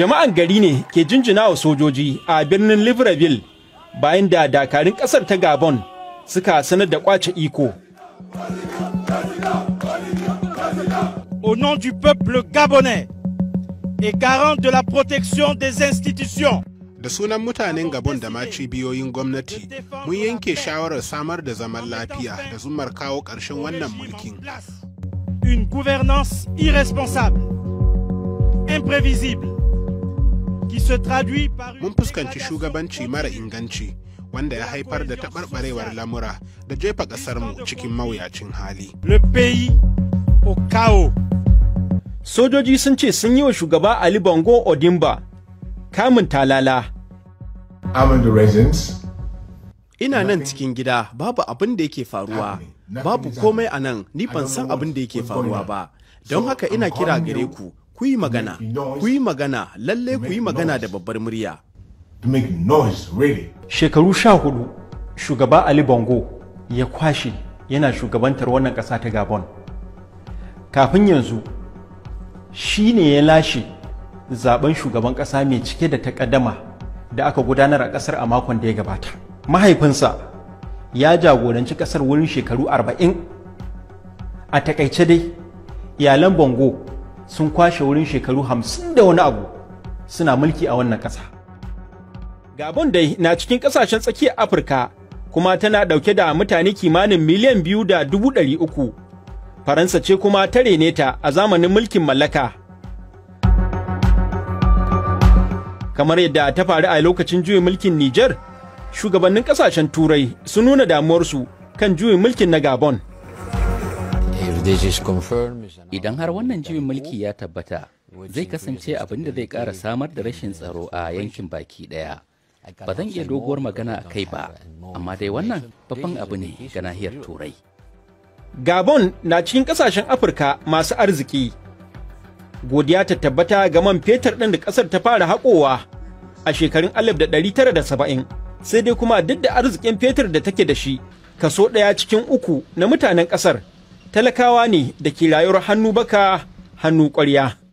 jama'an gari ne ke jinjina wa sojoji a birnin libreville bayan da dakarun kasar ta gabon suka sanar da kwace iko au nom du peuple gabonais et garant de la protection des institutions da sunan mutanen gabon da ma cibiyoyin gwamnati mun yanke shawarar samar da zaman lafiya da zumar kawo ƙarshen wannan mulkin une gouvernance irresponsable imprévisible Mun fuskanci shugabanci mara inganci wanda ya haifar da taɓarɓarewar lamura da jefa ƙasarmu cikin mawuyacin hali. Sojoji sun ce sun yi wa shugaba Ali Bongo Odimba kamun talala. Ina nan cikin gida babu abin da yake faruwa, babu komai a nan ni ban san abin da yake faruwa ba, don haka ina kira gare ku ku yi magana ku yi magana lalle ku yi magana da babbar murya shekaru sha hudu shugaba ali bongo ya kwashe yana shugabantar wannan ƙasa ta gabon kafin yanzu shi ne ya lashe zaben shugaban ƙasa mai cike da takaddama da aka gudanar a ƙasar a makon da ya gabata mahaifinsa ya jagoranci ƙasar wurin shekaru arba'in a takaice dai iyalan bongo sun kwashe wurin shekaru hamsin da wani abu suna mulki a wannan ƙasa. Gabon dai na cikin ƙasashen tsakiyar Afirka kuma tana ɗauke da mutane kimanin miliyan biyu da dubu ɗari uku. Faransa ce kuma ta rene ta a zamanin mulkin mallaka. Kamar yadda ta faru a lokacin juyin mulkin Nijar, shugabannin ƙasashen Turai sun nuna damuwarsu kan juyin mulkin na Gabon. Idan har wannan juyin mulki ya tabbata, zai kasance abin da zai ƙara samar da rashin tsaro a yankin baki ɗaya. Ba zan iya doguwar magana a kai ba, amma dai wannan babban abu ne ga nahiyar Turai. Gabon na cikin ƙasashen Afirka masu arziki. Godiya ta tabbata ga man fetur ɗin da ƙasar ta fara haƙowa a shekarun 1970, sai dai kuma duk da arzikin fetur da take da shi, kaso ɗaya cikin uku na mutanen ƙasar talakawa ne da ke rayuwar hannu baka hannu ƙwarya